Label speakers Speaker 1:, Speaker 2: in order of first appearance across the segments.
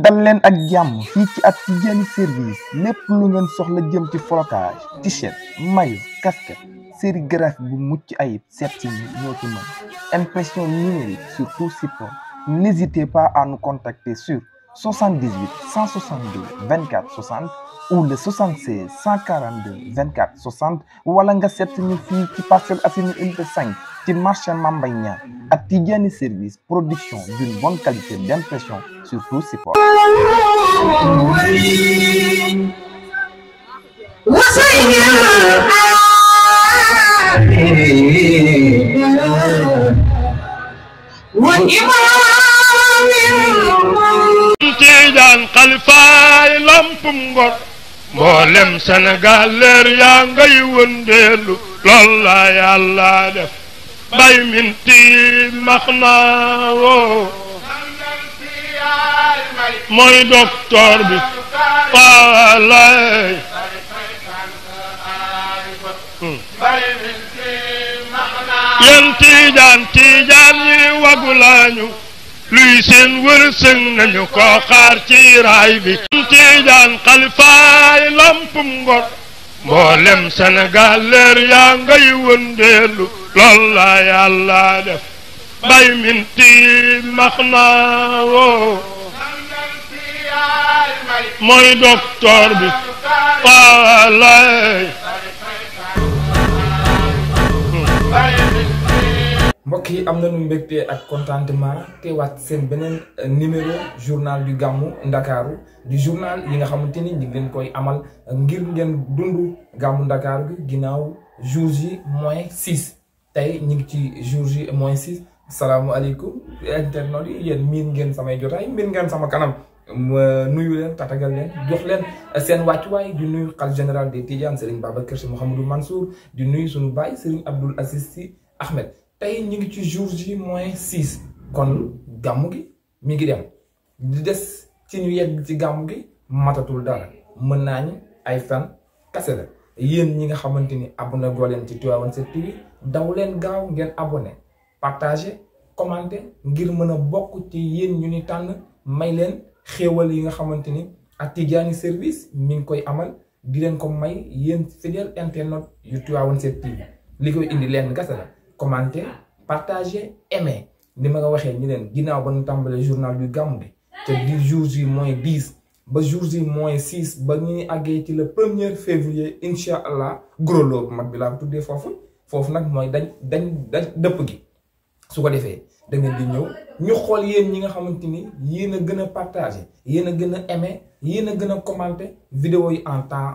Speaker 1: Dans leen ak jàmm fii ci ak ci service lépp lu ngeen soxla jëm ci flocage t-shirt maillot casquette graphique bu mucc ayib seet si ñoo ci impression numérique sur tout support n'hésitez pas à nous contacter sur 78 162 24 60 ou le 76 142 24 60 wala nga seet ñu fii ci Parcelles une de 5 ci marché Mame ak Service production d'une bonne qualité d'impression sur tout support.
Speaker 2: Tidjane Khalifaay lampum ngor mboolem ngay wëndeelu lool la yàlla def. bay min tiil max naa woo mooy docteur bi faalay hmm. yéen tiijaan tiijaan yi wagu lañu luy seen wërsëg nañu ko xaar ci raay bi tiijaan xalifaay lampum ngor mboolem Sénégal leer yaa ngay wëndeelu lool la yàlla def bay min tii max naa woo mooy docteur bi waalay
Speaker 1: mbokk yi am nañu mbégte ak contentement teewaat seen beneen euh, numéro journal du gàmmu ndakaaru du journal yi nga xamante ni ñu ngi koy amal ngir ngeen dund gàmmu ndakaaru gi ginnaaw jours yi moins tey ñu ngi ci jour J moins six aleykum internet yi yéen miin ngeen samay jotaay miin ngeen sama kanam ma euh, nuyu leen tatagal leen jox leen euh, seen wàccuwaay di nuyu xal général de des Tidianes Serigne Babacar Sy Mouhamadou Mansour di nuyu suñu baay Serigne Abdoul Aziz Sy Ahmed tey ñu ngi ci jour J moins six kon gàmm gi mi ngi dem di des ci ñu yegg ci gàmm gi matatul dara mën naa ñu ay fan kase la yéen ñi nga xamanteni ni abonné ci Tivaouane 7TV daw leen gaaw ngeen abonné partager commenter ngir mëna bokku ci yéen ñu ni tànn may leen xéewal yi nga xamanteni ni ak Tidjani service mi ngi koy amal di leen ko may yéen fidèle internet yu Tivaouane 7TV li koy indi leen gassa la commenter partager aimer ni ma nga waxee ñu leen ginnaaw ba ñu tambalé journal du Gamou bi te 10 jours yi mooy 10 ba jour ji moins six ba ñi àggee ci le premier février incha gros loolu mag bi laa tuddee fofu foofu nag mooy dañ dañ dañ dëpp gi su ko defee da ngeen di ñëw ñu xol yeen ñi nga xamanteni yeena gëna partager yeena gëna partagé yéen a gën aimé yéen a gën vidéo yi en temps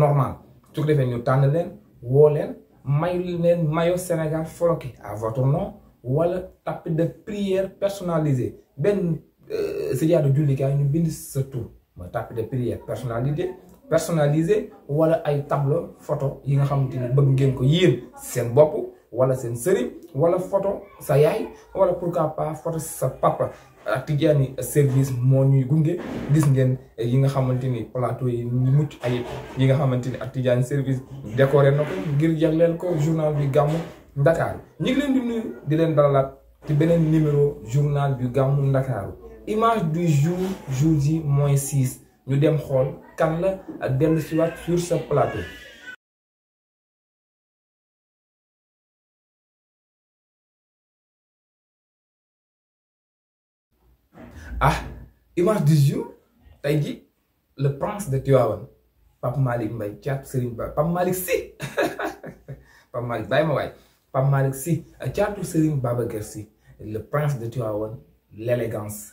Speaker 1: normal su ko defee ñu tànn leen woo leen may leen maillot Sénégal floqué à votre nom wala tapé de prière personnalisées. Ben Euh, sijaadu jullikaay ñu bind sa tur mooy tapis de prière personnalisé personnalisé wala ay tableau photo yi nga xamante ni bëgg ngeen ko yéen seen bopp wala seen sëriñ wala photo sa yaay wala pourquoi pas photo sa papa ak Tidjani service moo ñuy gunge gis ngeen yi nga xamante ni plateau yi ñu mucc ay yi nga xamante ni ak Tidjani service décoré na ko ngir jagleel ko journal bi gàmmu Ndakaaru ñu ngi leen di nuyu di leen dalalaat ci beneen numéro journal bi gàmmu Ndakaaru image du jour jeudi moins 6 Nous dem xool kan nous ak sur
Speaker 2: ce plateau. ah image du jour tey dit le prince de Tivaouane Pape Malik,
Speaker 1: Mbaye Malik, Serigne Ba Pape Malik, Sy Pape Malick bàyyi ma waay Pape Malik, Sy Malik, Serigne Malik. Sy le prince de Tivaouane l'élégance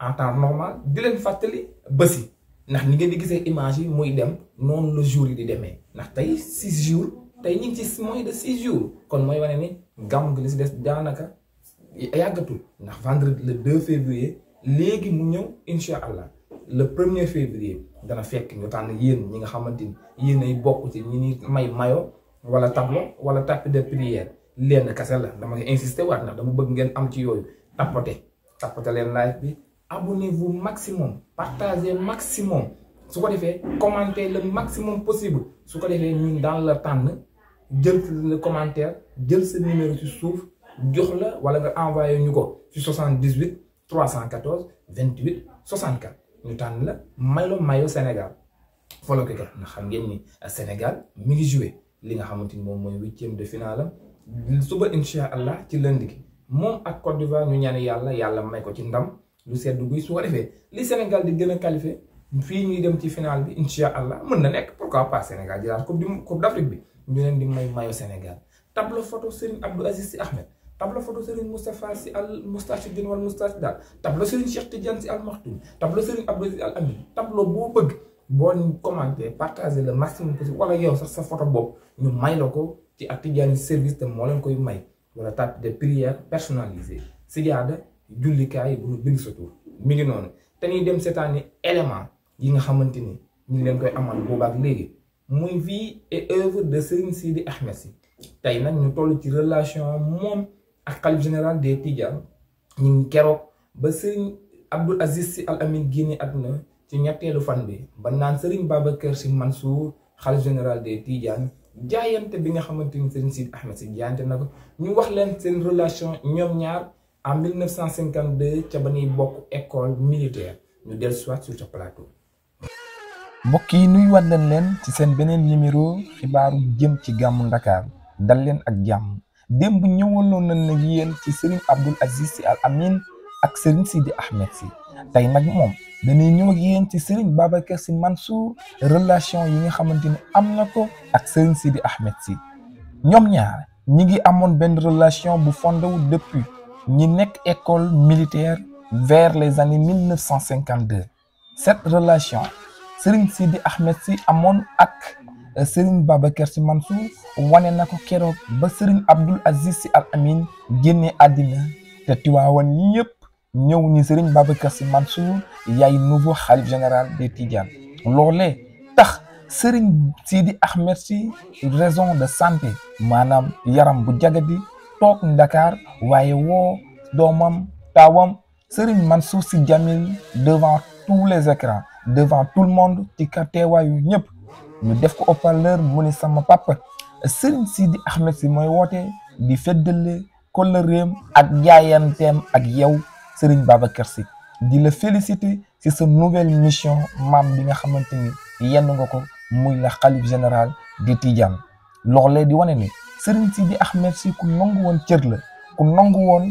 Speaker 1: en temps normal di leen fàttali bési ndax ni ngeen di gisee image yi muy dem noonu la jours yi di demee ndax tey six jour tey ñu ngi ci moins de six jours kon mooy wane ni gàmm gi li si des daanaka yàggatu ndax vendredi le 2 février léegi mu ñëw incha allah le premier février dana fekk ñu tànn yéen ñi nga xamante ni yéen ay bokk ci ñi ni may mayo wala tableau wala tapis de prière lenn kase la dama ngi insister waat ndax dama bëgg ngeen am ci yooyu tapote abonnez-vous maximum partagez maximum commenter commentez le maximum possible Si vous avez des le la tànn jël le commentaire jël ce numéro ci souffre, jox le wala nga 78 314 28 64 Nous sommes la may mayo Sénégal Il faut que nous xam ngeen ni euh, Sénégal mi ngi ce li nga savez, c'est moom 8 de finale am suba à ci lundi gi nous Côte d'Ivoire ñu ñaan yàlla yàlla may ko ci ndam. Le sedd Sénégal di gën a qualifié ñuy dem final bi allah pourquoi pas Sénégal coupe d'Afrique bi ñu leen di Sénégal tableau photo Serigne Ahmed tableau photo Serigne Moustapha Al tableau Cheikh Tidiane Al tableau Serigne Abdou Aziz Al tableau bëgg le maximum possible photo ñu may service de de prière personnalisée garde jullikaay yi bu ñu bind sa tur ngi noonu te ñuy dem seetaani élément yi nga xamante ni ñu leen koy amal boobaak léegi muy vie et œuvre de Serigne Sidi Ahmed Sy tey nag ñu toll ci relation moom ak xalif général des Tidjane ñu ngi keroog ba Serigne Abdoul Aziz Sy Al Amine génne àdduna ci ñetteelu fan bi ba naan kër Babacar man Mansour xal général des Tidjane jaayante bi nga xamante ni Serigne Sidi Ahmed Sy jaayante na ko ñu wax leen seen relation ñoom ñaar. en 1952 ca ba ñuy bokk école militaire ñu dellu soit sur ce plateau. mbokk yi nuyuwaat leen ci seen beneen numéro xibaaru jëm ci gàmmu Ndakaar dal leen ak jàmm démb ñëwaloon nañ nag yéen ci Serigne Abdoul Aziz Sy Al Amin ak Serigne Sidi Ahmed Sy tey nag moom dañuy ñëw yeen yéen ci Serigne Babacar Sy Mansour relation yi nga xamante ni am na ko ak sii Sidi Ahmed Sy ñoom ñaar ñi ngi amoon benn relation bu fondé wu depuis. ñi nekk école militaire vers les années 1952 cette relation Serigne Sidi Ahmed si ak euh, Serigne Babacar si Mansour wane na ko keroog ba Serigne Abdoul Aziz Al Amin génne àddina te Tiwaawan yëpp ñëw ni Serigne Babacar si Mansour yaay nouveau Khalif général de Tidiane. loolee tax Serigne Sidi Ahmed si raison de santé maanaam yaram bu jagadi toog Dakar waye wo Tawam, tawam Serigne Mansour Sidjamil devant tous les écrans devant tout le monde ci ka wayu ñëpp ñu def ko haut papa Serigne Sidi Ahmed si moy woote di le kóllëreem ak jaayanteem ak yow Serigne Babacar Sy di le féliciter ci nouvelle mission mam bi nga xamante yenn nga ko muy général di Tidiane di serigne Sidi Ahmed si ku nangu won cieur la ku nangu woon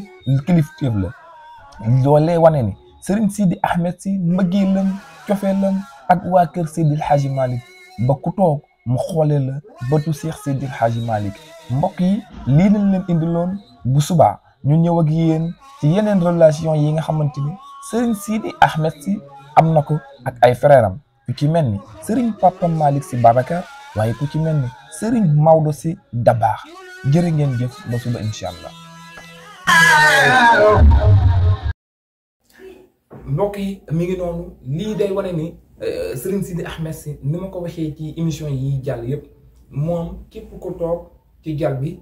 Speaker 1: kilifteef la loolee wane ni serigne Sidi Ahmed si mbëggeelam cofeelam ak wa keur sidi Hadji malik ba ku tok mu xolé la ba tu cheikh sidi Hadji malik mbok yi li lañ leen indilon bu suba ñu ñëw ak yéen ci yeneen relation yi nga xamanteni serigne Sidi Ahmed si amnako ak ay frèram yu ci mel ni Papa malik si babakar waaye ku ci mel ni Serigne Maodo si Dabaax jërë ngeen jëf ba suba incha allah. mbokk yi mi ngi lii day wane ni euh, Serigne Sidi si ni ma ko waxee ci émission yi jàll yëpp moom képp ku toog ci jàll bi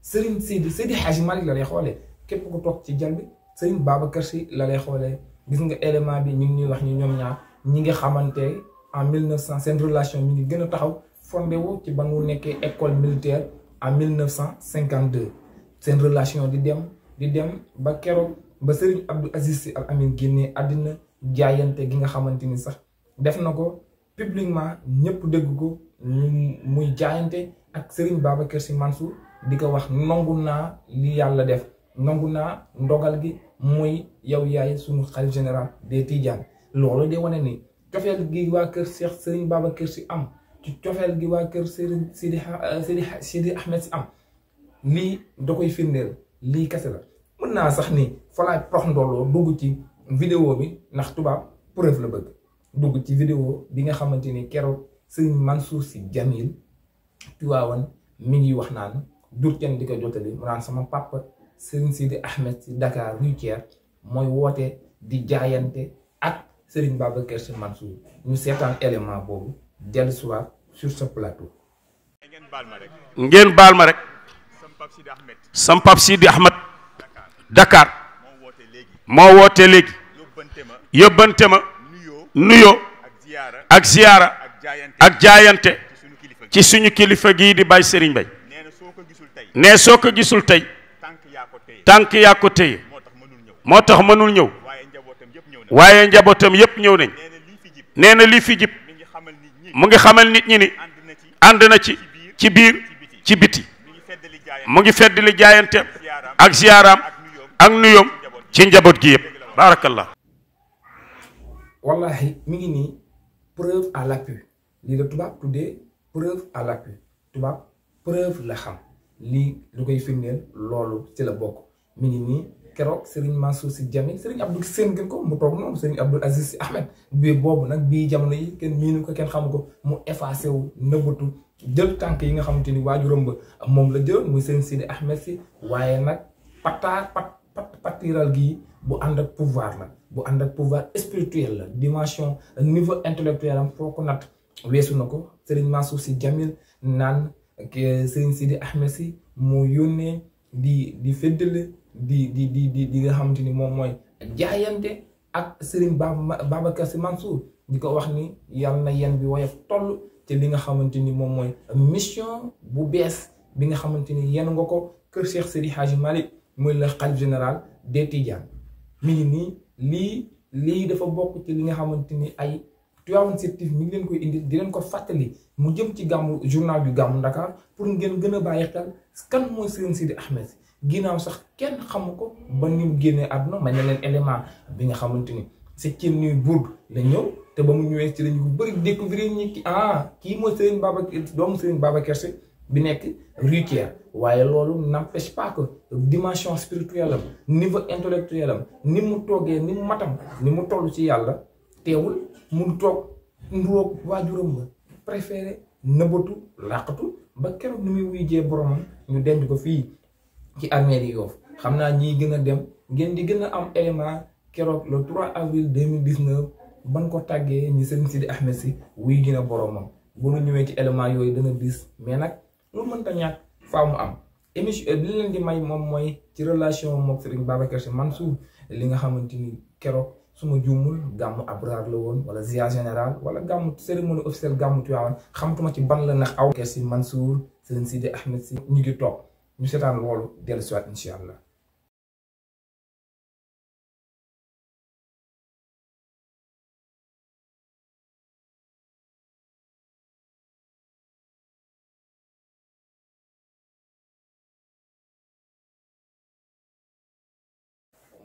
Speaker 1: Serigne Sidi Sidi Hadji Malick la lay xoolee képp ku toog ci jàll bi Serigne Babacar si la lay xoolee gis nga élément bi ñu ngi ñuy wax ñu ñoom ñaar ñi nga xamante en 1900 seen relation mi ngi gën a taxaw. fondé wu ci ba mu nekkee école militaire cinquante 1952 seen relation di dem di dem ba keroog ba Serigne Abdou Aziz Sy Al Amine génnee àddina jaayante gi nga xamante ni sax def na ko publiquement ñëpp dégg ko muy jaayante ak Serigne Babacar Sy Mansour di ko wax nangu naa li yàlla def nangu naa ndogal gi muy yow yaay sunu xalif général des Tidianes loolu de wane ni cofeel gi waa kër Cheikh Serigne Babacar Sy am. ci cofeel gi waa kër Serigne Sidi euh, Sidi Sidi Ahmed si am lii da koy firndeel lii kese la mën naa sax ni fa laay prox ci vidéo bi ndax tubaab preuve la bëgg dugg ci vidéo bi nga xamante ni keroog Serigne Mansour si Jamil Tiwaawan mi ngi wax naan jur kenn di ko jotali mu naan sama papa Serigne Sidi Ahmed si Dakar Rue Thiers mooy woote di jaayante ak sëriñ Serigne Babacar Sy Mansour ñu seetaan élément boobu. dellusiwaat sur ce plateau.
Speaker 2: ngeen baal ma rek. sam Pape Sidi Ahmed. Dakar. moo woote léegi. yóbbante Nuyo. nuyoo. ak ziyaara. ak jaayante. ci suñu kilifa gi di bay Serigne Baye. nee soo ko gisul tey. Tank ya ko téye. moo tax mënul ñëw. waaye njabootam yépp ñëw nañ. nee na lii fi jib. mu ngi xamal nit ñi ni ànd na ci biir ci biti mu ngi fedd li jaayanteem ak ziyaaraam ak nuyoom ci njaboot gi yëpp baarakallah
Speaker 1: wallahi mi ngi nii preuve à l'appui lii la tubaab tuddee preuve à l'appui tubaab preuve la xam lii lu koy firndeel loolu ci la bokk mi ngi nii keroog Serigne Mansour Sy Djamil Serigne Abdou seen ko mu toog noonu Serigne Abdoul Aziz Sy Ahmed bii boobu nag bii jamono yi kenn miinu ko kenn xamu ko mu effacé wu nëbbatu jël tànk yi nga xamante ni waajuram ba moom la jël muy Serigne Sidi Ahmed si waaye nag pataar pat pat patiral gii bu ànd ak pouvoir la bu ànd ak pouvoir spirituel la dimension niveau intellectuel am foo ko natt weesu na ko Serigne Mansour Sy Djamil naan Serigne Sidi Ahmed si mu yónnee di di féddale di di di di di nga xamanteni mom moy jaayante ak serigne babacar si mansour di ko wax ni yalla na yen bi woyof toll ci li nga xamanteni mom moy mission bu bes bi nga xamanteni ni nga ko keur cheikh sëri haji malik moy la khalif general de tidiane mi ni li li dafa bok ci li nga xamanteni ay tu am certif mi ngi len koy indi di len ko fatali mu jëm ci jurnal journal gamu gamu dakar pour ngeen gëna baye kan xel kan moy serigne sidi ahmed ginnaaw sax kenn xamu ko ba ni mu génnee àdduna may na leen élément bi nga xamante ni si septième nuit Bourde la ñëw te ba mu ñëwee ci lañu ko bëri découvrir ñi ki ah kii mooy Serigne Babacar doomu Serigne Babacar Sy bi nekk Rutière waaye loolu n'empêche pas que dimension spirituelle am niveau intellectuel am ni mu toogee ni mu matam ni mu toll ci yàlla teewul mu toog nduroog waajuram ba préféré nëbbatu làqatu ba keroog ni muy wuyjee boromam ñu denc ko fii ci armée Yoff xam naa ñiy gën a dem ngeen di gën a am élément keroog la 3 avril 2019 ban ko tàggee ñu sëriñ Sidi Ahmed si wuy gën a boromam bu nu ñëwee ci élément yooyu dana bis mais nag lu mënta ñàkk faa mu am émission li leen di may moom mooy ci relation moom sëriñ Babacar Sy li nga xamante ni keroog su ma juumul gàmmu abraar la wala ziar général wala gàmmu cérémonie officielle gàmmu Tiwaawan xamtuma ci ban la nag aw Babacar Sy Mansour sëriñ Sidi Ahmed
Speaker 2: si ñu ngi toog ñu seetaan loolu dellu siwaat incha allah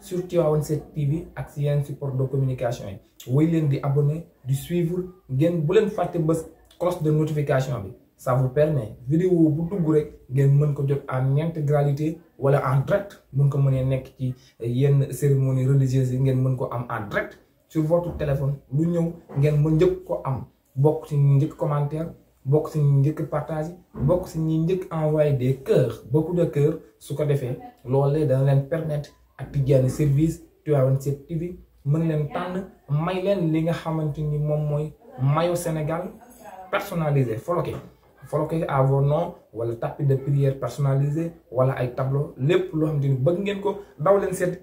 Speaker 1: sur Tivaouane TV ak support de communication yi de leen di di suivre de bu leen fàtte cloche de notification bi ça vous permet vidéo bu dugg rek ngeen ko jot en intégralité wala en direct mën ko mënee nekk ci yenn cérémonie religieuse yi ko am en direct sur votre téléphone lu ñëw ngeen mën njëkk ko am bokk commentaire bokk ci ñi partage bokk ci ñi njëkk envoyer des cœurs beaucoup de cœurs su ko defee loolee dana leen permettre ak service tu as tv mën leen tànn may leen li nga xamante ni moom mooy maillot Sénégal personnalisé floqué floqué à vos noms wala tapis de prière personnalisé wala ay tableau lépp loo xamante ni bëgg ngeen ko daw leen seet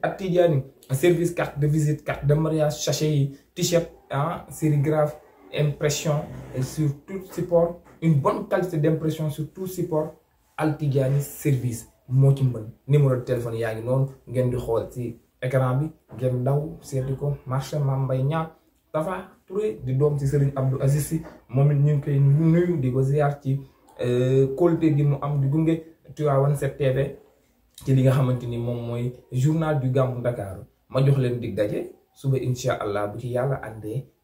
Speaker 1: service carte de visite carte de mariage sachet t-shirt ah sérigraphe impression sur tout support une bonne qualité d'impression sur tout support Al service moo ci mën numéro de téléphone yaa ngi noonu ngeen di xool ci écran bi ngeen daw seeti ko marché Mame mbay Niang Tapha Touré di doom ci Serigne Abdou Aziz Sy moom it ñu ngi koy nuyu di ko ziar ci euh, kóolute gi mu am di gunge Tivaouane 7TV ci li nga xamante ni moom mooy journal du Gamou Dakar ma jox leen di daje. suba inshallah allah bu ci yàlla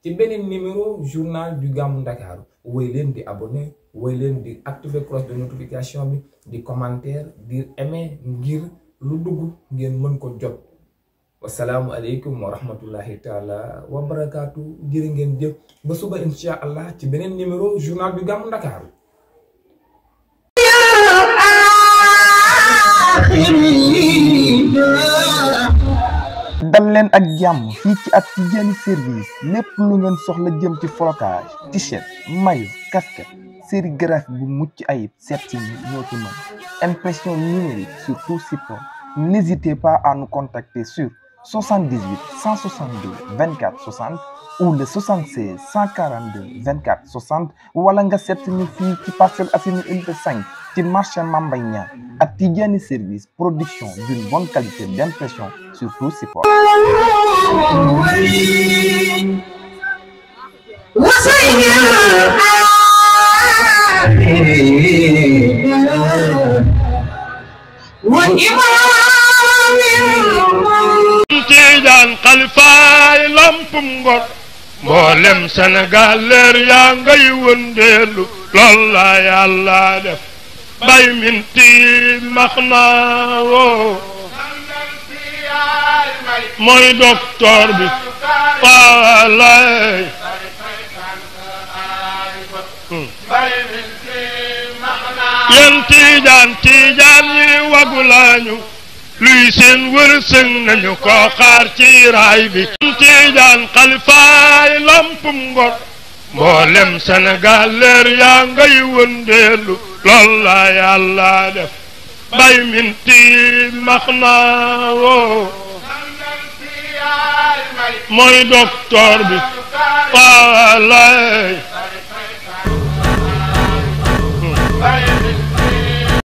Speaker 1: ci benen numéro journal du gam dakar way leen di abonné way leen di activer cloche de notification bi di commentaire di aimer ngir lu dugg ngeen mën ko jot alaykum wa rahmatullahi taala wa barakaatu jërë ngeen jëf ba suba incha ci benen numéro journal du gam dakar dal leen ak jàmm fii ci ak Tidiane service lépp lu ngeen soxla jëm ci flocage t-shirt maillot casquette sérigraphie bu mucc ayib seet ñoo ci mën impression numérique sur tout support n'hésitez pas à nous contacter sur 78 162 24 60 ou le 76 142 24 60 wala nga seet ñu fii ci à une unité 5 ci marché Mame Mbaye ak tidiane service production d'une bonne qualité d'impression sur tous
Speaker 2: bay min ti max naa woo mooy docteur bi waalay hmm. yéen tiijaan yi wagu lañu luy seen wërsëg nañu ko xaar ci raay bi tiijaan xalifaay lampum ngor mboolem Sénégal leer yaa ngay wëndeelu lool la yàlla def bay minti max naa woo mooy docteur bi waalay